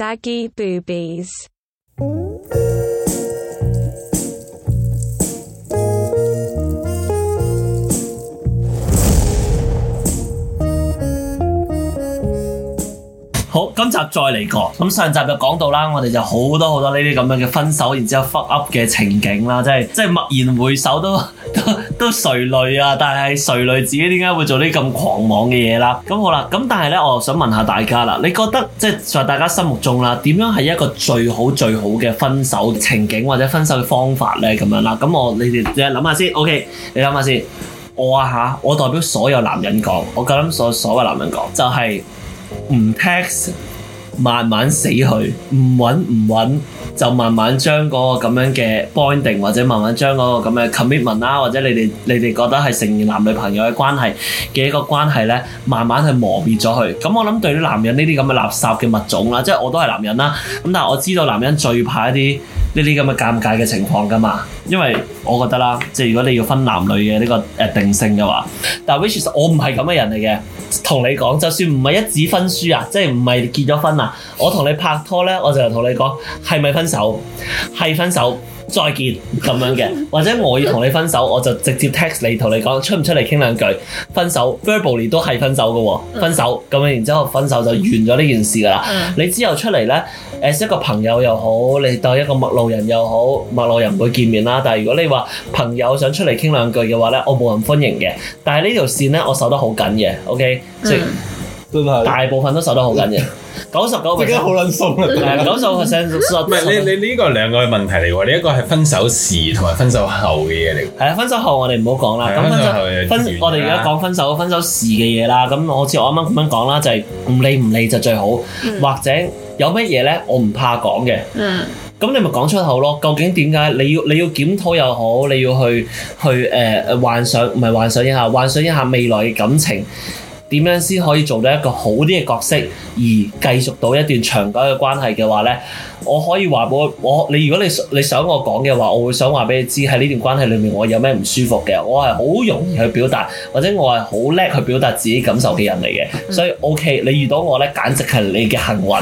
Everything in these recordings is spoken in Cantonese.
Ducky Boobies 好，今集再嚟過。咁上集就講到啦，我哋就好多好多呢啲咁樣嘅分手，然之後 fuck up 嘅情景啦，即係即係默然回首都都，都垂淚啊！但係垂淚自己點解會做啲咁狂妄嘅嘢啦？咁好啦，咁但係呢，我又想問下大家啦，你覺得即係、就是、在大家心目中啦，點樣係一個最好最好嘅分手情景或者分手嘅方法呢？咁樣啦，咁我你哋你諗下先，OK？你諗下先，我啊吓，我代表所有男人講，我夠膽所所謂男人講，就係唔 text 慢慢死去，唔穩唔穩，就慢慢將嗰個咁樣嘅 bonding 或者慢慢將嗰個咁嘅 commitment 啦，或者你哋你哋覺得係成年男女朋友嘅關係嘅一個關係咧，慢慢去磨滅咗佢。咁我諗對於男人呢啲咁嘅垃圾嘅物種啦，即係我都係男人啦，咁但係我知道男人最怕一啲，呢啲咁嘅尷尬嘅情況㗎嘛，因為我覺得啦，即如果你要分男女嘅呢個定性嘅話，但係其實我唔係咁嘅人嚟嘅，同你講，就算唔係一紙婚書啊，即係唔係結咗婚啊，我同你拍拖呢，我就同你講，係咪分手？係分手。再見咁樣嘅，或者我要同你分手，我就直接 text 你同你講，出唔出嚟傾兩句，分手 verbally 都係分手噶，分手咁樣，然之後分手就完咗呢件事噶啦。你之後出嚟呢，誒、欸、一個朋友又好，你當一個陌路人又好，陌路人唔會見面啦。但係如果你話朋友想出嚟傾兩句嘅話呢，我冇人歡迎嘅。但係呢條線呢，我守得好緊嘅，OK，即大部分都守得好緊嘅。 九十九 percent 好撚數啊！九十九 percent 你你呢、這個係兩個問題嚟喎，你一個係分手時同埋分手後嘅嘢嚟。係啊，分手後我哋唔好講啦。咁對分手分我哋而家講分手，後分，分，手分手時嘅嘢啦。咁我似我啱啱咁樣講啦，就係、是、唔理唔理就最好，嗯、或者有乜嘢咧，我唔怕講嘅。嗯，咁你咪講出口咯。究竟點解你要你要檢討又好，你要去去誒誒、呃、幻想唔係幻，幻想一下，幻想一下未來嘅感情。點樣先可以做到一個好啲嘅角色，而繼續到一段長久嘅關係嘅話呢？我可以話我我你如果你你想我講嘅話，我會想話俾你知喺呢段關係裏面我有咩唔舒服嘅，我係好容易去表達，或者我係好叻去表達自己感受嘅人嚟嘅，所以 OK，你遇到我呢，簡直係你嘅幸運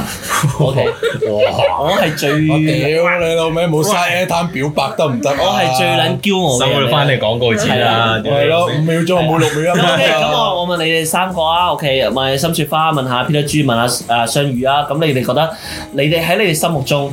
，OK，我係最屌你老味，冇嘥 time 表白得唔得？我係最撚驕傲嘅，等我翻嚟講多次啦，係咯，五秒鐘冇六秒啊嘛，咁我我問你哋三。花，OK，問下心雪花，問下 Peter G，問下誒雙魚啊，咁你哋覺得，你哋喺你哋心目中？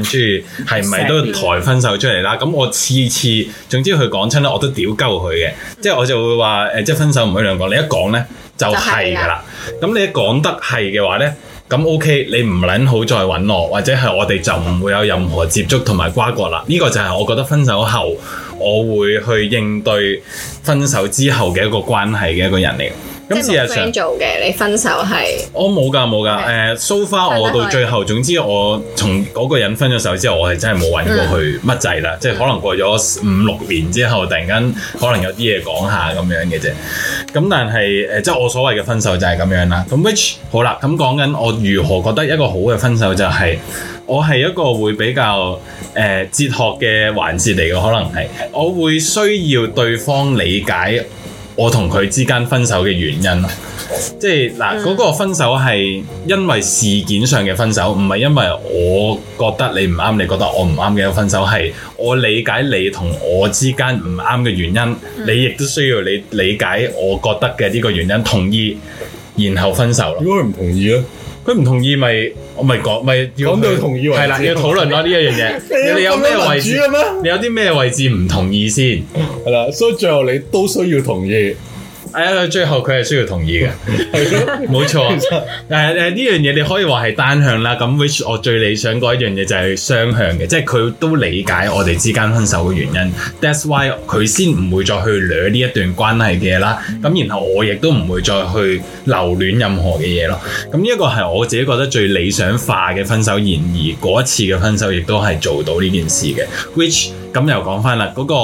跟住係唔係都抬分手出嚟啦？咁我次次，總之佢講親咧，我都屌鳩佢嘅，即係我就會話誒，即係分手唔可以兩講，你一講咧就係噶啦。咁、啊、你一講得係嘅話咧，咁 OK，你唔捻好再搵我，或者係我哋就唔會有任何接觸同埋瓜葛啦。呢、這個就係我覺得分手後我會去應對分手之後嘅一個關係嘅一個人嚟。今次係想做嘅，你分手係我冇噶冇噶，誒、哦 Okay. 呃、so far 我到最後，總之我從嗰個人分咗手之後，我係真係冇搵過去乜滯啦，mm hmm. 即係可能過咗五六年之後，突然間可能有啲嘢講下咁樣嘅啫。咁、嗯、但係誒、呃，即係我所謂嘅分手就係咁樣啦。咁 which 好啦，咁講緊我如何覺得一個好嘅分手就係、是、我係一個會比較誒、呃、哲學嘅環節嚟嘅，可能係我會需要對方理解。我同佢之間分手嘅原因，即係嗱，嗰個分手係因為事件上嘅分手，唔係因為我覺得你唔啱，你覺得我唔啱嘅分手，係我理解你同我之間唔啱嘅原因。嗯、你亦都需要你理解我覺得嘅呢個原因同意，然後分手咯。如果唔同意咧？佢唔同意咪，我咪要講到同意，係啦了，要討論咯呢一樣嘢。 這個、你哋有咩位置咩？你有啲咩位置唔同意先，係啦。所以最後你都需要同意。哎呀！最後佢係需要同意嘅，冇、啊、錯。誒、啊、誒，呢樣嘢你可以話係單向啦。咁，which 我最理想嗰一樣嘢就係雙向嘅，即係佢都理解我哋之間分手嘅原因。That's why 佢先唔會再去掠呢一段關係嘅啦。咁，然後我亦都唔會再去留戀任何嘅嘢咯。咁呢一個係我自己覺得最理想化嘅分手言而嗰一次嘅分手，亦都係做到呢件事嘅。Which 咁又講返啦，嗰、那個、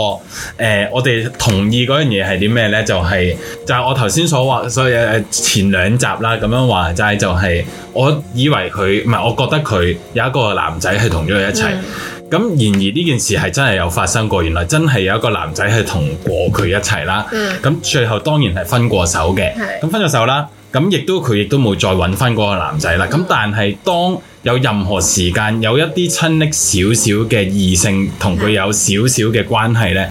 呃、我哋同意嗰樣嘢係啲咩呢？就係、是。就係我頭先所話，所以誒前兩集啦，咁樣話就係就係我以為佢，唔係我覺得佢有一個男仔係同咗佢一齊。咁 Yeah. 然而呢件事係真係有發生過，原來真係有一個男仔係同過佢一齊啦。咁 Yeah. 最後當然係分過手嘅。咁 Yeah. 分咗手啦，咁亦都佢亦都冇再揾翻嗰個男仔啦。咁但係當有任何時間有一啲親暱少少嘅異性同佢有少少嘅關係呢。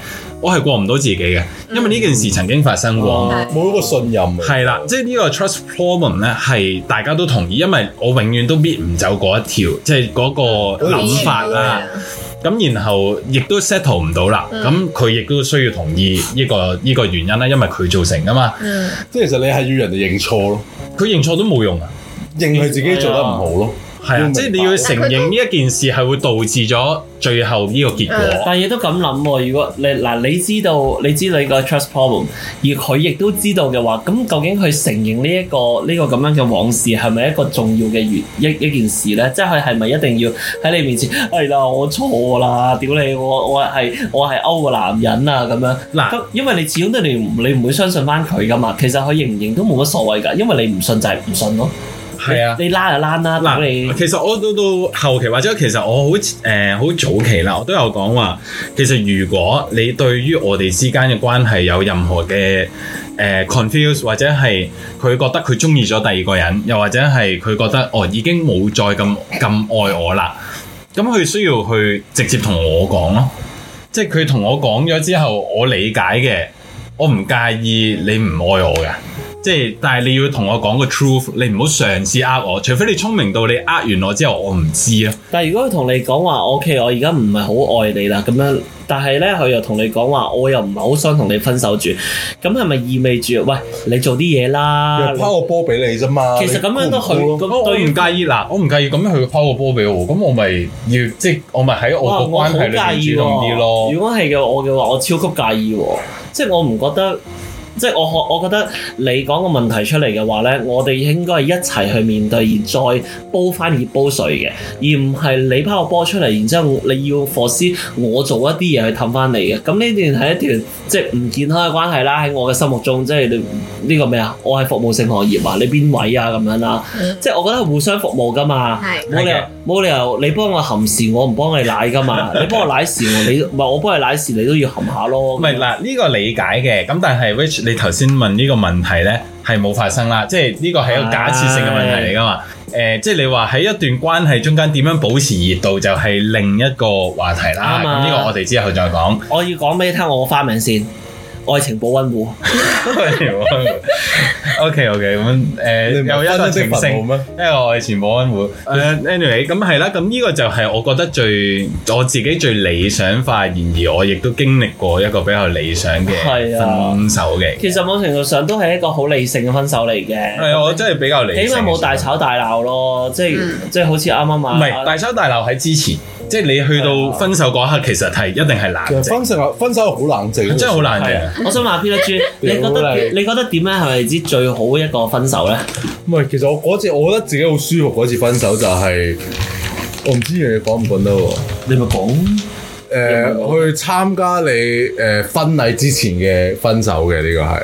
我係過唔到自己嘅，因為呢件事曾經發生過，冇一、嗯哦、個信任。係啦了，即係呢個 trust problem 咧，係大家都同意，因為我永遠都搣唔走嗰一條，即係嗰個諗法啦。咁、嗯嗯、然後亦都 settle 唔到啦，咁佢亦都需要同意呢、這個呢、這個原因咧，因為佢造成噶嘛。嗯、即係其實你係要人哋認錯咯，佢認錯都冇用啊，認佢自己做得唔好咯。嗯嗯嗯嗯嗯嗯明即係你要承認呢一件事係會導致咗最後呢個結果。嗯、但係亦都咁諗喎，如果你嗱你，你知道你知你個 trust problem 而佢亦都知道嘅話，咁究竟佢承認呢、呢、一個呢、呢個咁樣嘅往事係咪一個重要嘅原一一,一件事咧？即係佢係咪一定要喺你面前係啦、哎，我錯啦，屌你我我係我係勾個男人啊咁樣嗱，喏 因為你始終都你你唔會相信翻佢噶嘛。其實佢認唔認都冇乜所謂㗎，因為你唔信就係唔信咯。係啊，你拉就拉啦。嗱，其實我到到後期或者其實我好誒好早期啦，我都有講話。其實如果你對於我哋之間嘅關係有任何嘅誒、呃、confuse，或者係佢覺得佢中意咗第二個人，又或者係佢覺得哦已經冇再咁咁愛我啦，咁佢需要去直接同我講咯。即係佢同我講咗之後，我理解嘅，我唔介意你唔愛我嘅。即係，但係你要同我講個 truth，你唔好嘗試呃我，除非你聰明到你呃完我之後，我唔知咯。但係如果佢同你講話，O K，我而家唔係好愛你啦，咁樣，但係咧佢又同你講話，我又唔係好想同你分手住，咁係咪意味住喂你做啲嘢啦？拋個波俾你啫嘛。其實咁樣猜猜都佢，我唔介，不介意。嗱啦，我唔介意咁樣佢拋個波俾我哇，咁我咪要即係我咪喺我個關係裏邊主動啲咯。如果係嘅我嘅話，我超級介意，即係我唔覺得。即係我我覺得你講個問題出嚟嘅話咧，我哋應該係一齊去面對，而再煲翻熱煲水嘅，而唔係你拋個波出嚟，然之後你要 force 我做一啲嘢去氹翻你嘅。咁呢段係一段即係唔健康嘅關係啦。喺我嘅心目中，即係你呢個咩啊？我係服務性行業啊，你邊位啊咁樣啦？即係我覺得互相服務㗎嘛，冇是理由。冇理由，你幫我含事，我唔幫你奶噶嘛。 你幫我奶事，你唔係我幫你奶事，你都要含下咯。唔係嗱，呢、這個理解嘅，咁但係，which 你頭先問呢個問題咧，係冇發生啦。即係呢、這個係一個假設性嘅問題嚟噶嘛。誒、哎呃，即係你話喺一段關係中間點樣保持熱度，就係另一個話題啦。咁呢吧個我哋之後再講。我要講俾你聽我花名先。愛情保溫壺，OK OK 咁，誒，有一份情性咩？一個愛情保溫壺。Anyway 咁係啦，咁呢、uh, anyway, 個就係我覺得最我自己最理想化，然而我亦都經歷過一個比較理想嘅分手嘅、啊。其實某程度上都係一個好理性嘅分手嚟嘅。係啊，呢我真係比較理性，起碼冇大吵大鬧咯。即係即係，好似啱啱話，唔係大吵大鬧喺之前。即係你去到分手嗰刻，其實係一定係冷靜。分手分手好冷靜，真係好冷靜。我想問 Bella G，你覺得 你覺得點咧？係咪之最好一個分手咧？唔係，其實我嗰次我覺得自己好舒服。嗰次分手就係、是，我唔知你講唔講得喎？你咪講誒，呃、去參加你誒、呃、婚禮之前嘅分手嘅呢、這個係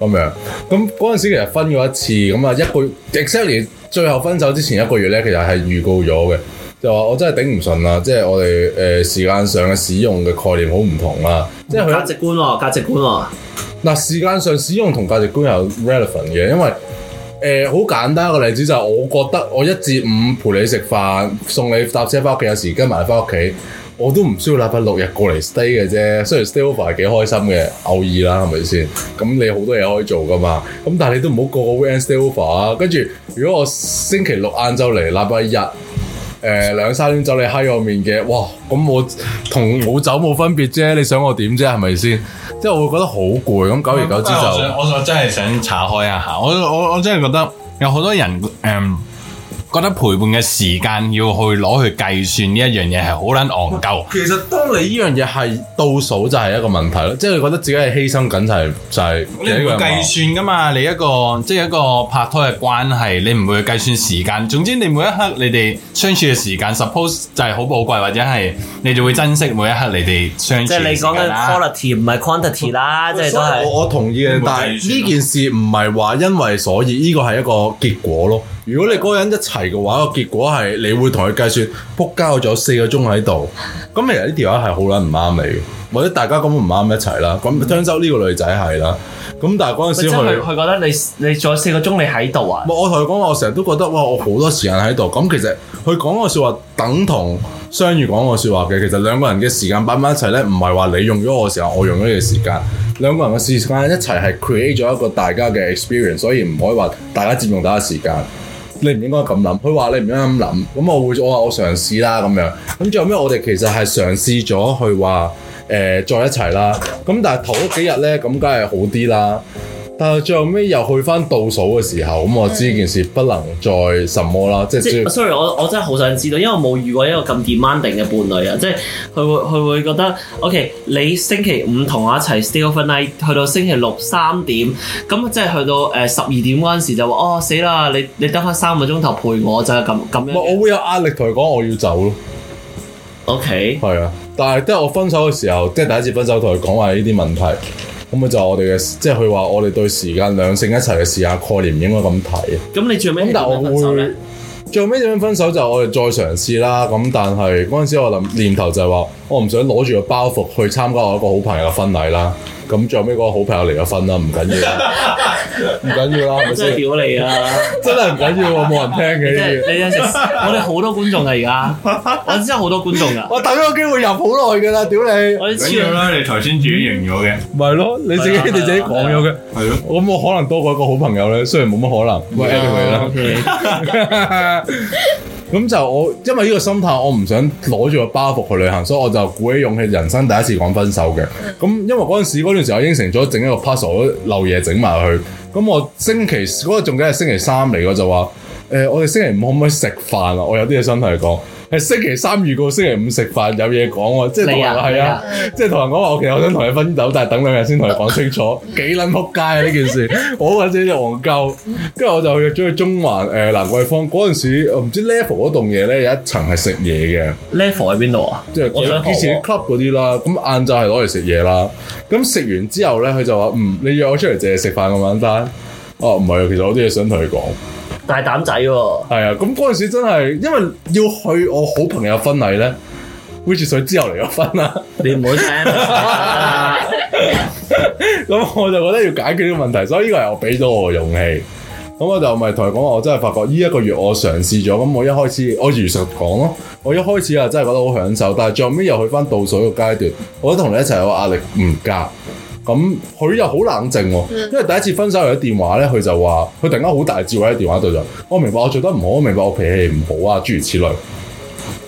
咁樣。咁嗰陣時其實分咗一次，咁啊一個月。exactly 最後分手之前一個月咧，其實係預告咗嘅。就話我真係頂唔順啦，即係我哋誒、呃、時間上嘅使用嘅概念好唔同啦、啊，即係價值觀，價值觀喎。嗱，時間上使用同價值觀又 relevant 嘅，因為誒好、呃、簡單一個例子就係，我覺得我一至五陪你食飯，送你搭車翻屋企，有時跟埋翻屋企，我都唔需要禮拜六日過嚟 stay 嘅啫。雖然 stay over 係幾開心嘅，偶爾啦，係咪先？咁你好多嘢可以做噶嘛。咁但係你都唔好個個 weekend stay over 啊。跟住如果我星期六晏晝嚟，禮拜日。誒，兩、呃、三點走，你喺我面嘅，哇！咁我同冇走冇分別啫，你想我點啫？係咪先？ 即係我會覺得好攰，咁久而久之就，我想我真係想查開一下，我我我真係覺得有好多人，誒、嗯。覺得陪伴嘅時間要去攞去計算呢一樣嘢係好捻戇鳩。其實當你呢樣嘢係倒數就係一個問題咯，即係你覺得自己係犧牲緊就係、是、就係、是。你唔會計算噶嘛？你一個即係一個拍拖嘅關係，你唔會去計算時間。總之你每一刻你哋相處嘅時間，suppose 就係好寶貴或者係，你就會珍惜每一刻你哋相處。即係你講嘅 quality 唔係 quantity 啦，即係都係。我我同意嘅，但係呢件事唔係話因為所以呢個係一個結果咯。如果你嗰個人一齊嘅話，個結果係你會同佢計算，仆交咗四個鐘喺度。咁其實呢條友係好撚唔啱你，或者大家根本唔啱一齊啦。咁張州呢個女仔係啦。咁但係嗰陣時佢佢覺得你你仲有四個鐘你喺度啊？我同佢講話，我成日都覺得哇，我好多時間喺度。咁其實佢講個説話等同相遇講個説話嘅。其實兩個人嘅時間擺埋一齊咧，唔係話你用咗我嘅時間，我用咗你嘅時間。兩個人嘅時間一齊係 create 咗一個大家嘅 experience，所以唔可以話大家佔用大家時間。你唔應該咁諗，佢話你唔應該咁諗，咁我會我話我，我嘗試啦咁樣，咁最後呢，我哋其實係嘗試咗去話再、呃、一齊啦，咁但係頭嗰幾日咧，咁梗係好啲啦。但係最後尾又去翻倒數嘅時候，咁、嗯、我知件事不能再什麼啦，即係。即要 sorry，我我真係好想知道，因為我冇遇過一個咁 demanding 嘅伴侶啊，即係佢會佢會覺得，OK，你星期五同我一齊 stay overnight，去到星期六三點，咁即係去到誒十二點嗰陣時就話，哦死啦，你你得翻三個鐘頭陪我，就係咁咁樣。樣我會有壓力同佢講，我要走咯。OK，係啊，但係即係我分手嘅時候，即係第一次分手同佢講話呢啲問題。咁咪就是我哋嘅，即係佢話我哋對時間兩性一齊嘅時間概念唔應該咁睇。咁你最尾點樣分手呢？但係我會，最後尾點樣分手，就我哋再嘗試啦。咁但係嗰陣時我諗念頭就係話，我唔想攞住個包袱去參加我一個好朋友嘅婚禮啦。咁仲有咩個好朋友離咗婚啦，唔緊要啦，唔緊要啦，唔使屌你啦！真係唔緊要，冇人聽嘅你啲嘢。我哋好多觀眾啊，而家我真係好多觀眾啊！我等咗個機會入好耐嘅啦，屌你！我知啦，你頭先自己贏咗嘅，唔係咯？你自己自己講咗嘅，係咯？咁我冇可能多過一個好朋友咧，雖然冇乜可能，喂，Anyway 啦。咁就我，因為呢個心態，我唔想攞住個包袱去旅行，所以我就鼓起勇氣，人生第一次講分手嘅。咁因為嗰陣時嗰段時候應承咗整一個 puzzle，我漏夜整埋去。咁我星期嗰、那個仲緊係星期三嚟，呃，我就話：我哋星期五可唔可以食飯啊？我有啲嘢想同你講。係星期三預告星期五食飯有嘢講喎，即係同人係啊，啊即係同人講話，我其實我想同你分手，但係等兩日先同你講清楚，幾撚撲街啊呢件事！我或者時又戇鳩，跟住我就約咗去中環誒蘭桂坊嗰陣時，我唔知 level 嗰棟嘢咧有一層係食嘢嘅。level 喺邊度啊？即係是我想支持 club 嗰啲啦。咁晏晝係攞嚟食嘢啦。咁食完之後咧，佢就話：嗯，你約我出嚟淨係食飯咁簡單？哦，唔係啊，其實我有啲嘢想同你講。大膽仔喎、哦，係啊，咁嗰陣時真係，因為要去我好朋友婚禮咧，which 水之後嚟咗婚啦，你唔好聽，咁我就覺得要解決呢個問題，所以呢個係我俾咗我嘅勇氣，咁我就咪同佢講話，我真係發覺呢一個月我嘗試咗，咁我一開始我如實講咯，我一開始啊真係覺得好享受，但係最後尾又去翻倒數嘅階段，我都同你一齊有壓力，唔夾。咁佢又好冷靜、哦，因為第一次分手嚟啲電話咧，佢就話：佢突然間好大智慧喺電話度就，我、哦、明白我做得唔好，我明白我脾氣唔好啊，諸如此類。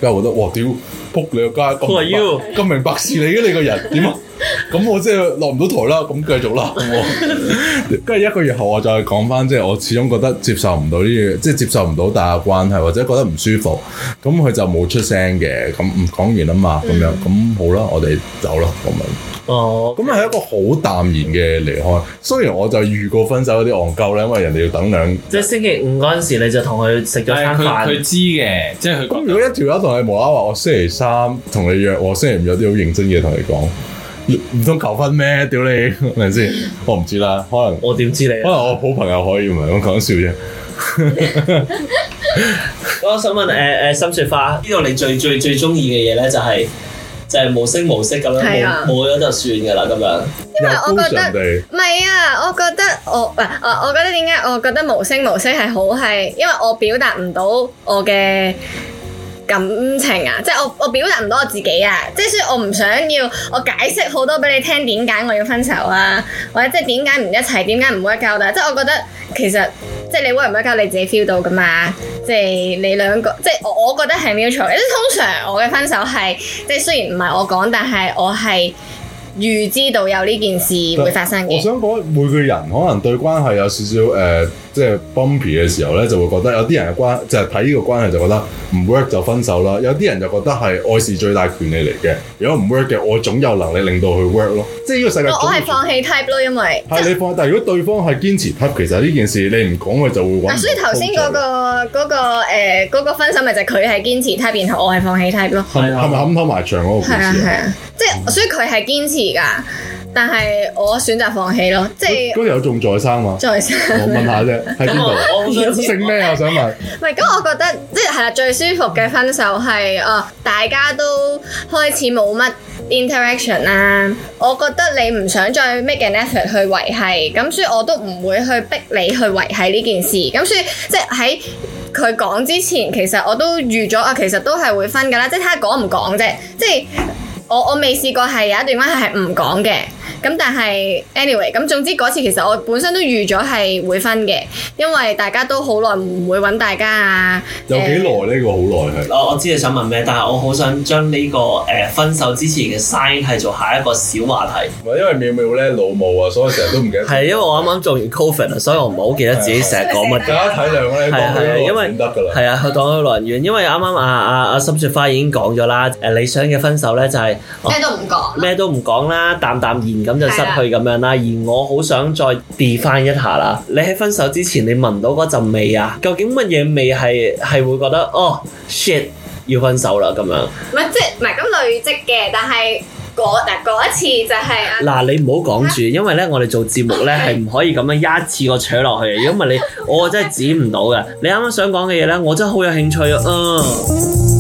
咁我覺得，哇！屌，仆你，For you. 你啊！街咁明咁明白事你嘅你個人點啊？咁我即係落唔到台啦，咁繼續啦。跟住一個月後，我再講翻，即係我始終覺得接受唔到呢嘢，即係接受唔到大家關係，或者覺得唔舒服。咁佢就冇出聲嘅，咁唔講完啊嘛，咁樣咁、mm. 好啦，我哋走啦，咁樣。哦，咁啊，係一個好淡然嘅離開。雖然我就遇過分手有啲戇鳩咧，因為人哋要等兩，即係星期五嗰陣時，你就同佢食咗餐飯。佢、哎、知嘅，即係佢。咁如果一條友同你無啦啦話，我星期三同你約，我星期五有啲好認真嘢同你講，唔通求婚咩？屌你，明唔明先？我唔知啦，可能 我點知你？可能我好朋友可以唔係咁講笑啫。 我想問誒誒，心、呃呃呃、雪花，呢度你最最最中意嘅嘢咧，就係、是。就係無聲無息咁樣，冇咗、啊、就算㗎喇，咁樣。因為我覺得唔係 啊，我覺得我唔係，我覺得點解我覺得無聲無息係好係，因為我表達唔到我嘅感情啊，即係我我表達唔到我自己啊，即係所以我唔想要我解釋好多俾你聽點解我要分手啊，或者、啊、即係點解唔一齊，點解唔屈交但即係我覺得其實即係你屈唔屈交你自己 feel 到噶嘛，即係你兩個即係我我覺得係 mutual，即通常我嘅分手係即係雖然唔係我講，但係我係。預知道有呢件事會發生嘅，我想講，每個人可能對關係有少少誒，即係 bumpy 嘅時候咧，就會覺得有啲人嘅關就係睇呢個關係就覺得唔 work 就分手啦，有啲人就覺得係愛是最大權利嚟嘅，如果唔 work 嘅，我總有能力令到佢 work 咯，即係呢個世界我我係放棄 type 咯，因為係你放，但係如果對方係堅持 type，其實呢件事你唔講佢就會搵，所以頭先嗰個嗰個誒嗰個分手咪就佢係堅持 type，然後我係放棄 type 咯，係係咪冚唞埋牆嗰個？係啊係啊，即係所以佢係堅持。噶，但係我選擇放棄咯，即係嗰有仲再生嘛？再生，我問下啫，喺邊度？姓咩？我想問。唔係， 因為我覺得即係啦，最舒服嘅分手係，誒、哦，大家都開始冇乜 interaction 啦、啊。我覺得你唔想再 make an effort 去維繫，咁所以我都唔會去逼你去維繫呢件事。咁所以即係喺佢講之前，其實我都預咗啊，其實都係會分噶啦，即係睇下講唔講啫，即係。我我未試過係有一段關係係唔講嘅。咁但係，anyway，咁總之嗰次其實我本身都預咗係會分嘅，因為大家都好耐唔會揾大家啊。有幾耐？呢個、呃、好耐係。我我知你想問咩，但係我好想將呢個誒分手之前嘅 sign 係做下一個小話題。因為妙妙咧老母啊， 所以成日都唔記得。係因為我啱啱做完 covid 啊，對 所以我唔係好記得自己成日講乜。大家體諒咧，係啊，因為因為唔得㗎啦。係啊，佢當佢老人院，因為啱啱啊阿阿心雪花已經講咗啦。誒，理想嘅分手咧就係咩都唔講，咩都唔講啦，淡淡然。咁就失去咁樣啦，的而我好想再掉翻一下啦。嗯、你喺分手之前，你聞到嗰陣味啊？究竟乜嘢味係係會覺得哦 shit 要分手啦咁樣？唔係即係唔係咁累積嘅，但係嗰一次就係嗱、啊啊、你唔好講住，啊、因為咧我哋做節目咧係唔可以咁樣一次過扯落去，如果唔係你我真係剪唔到嘅。你啱啱想講嘅嘢咧，我真係好 有興趣啊。嗯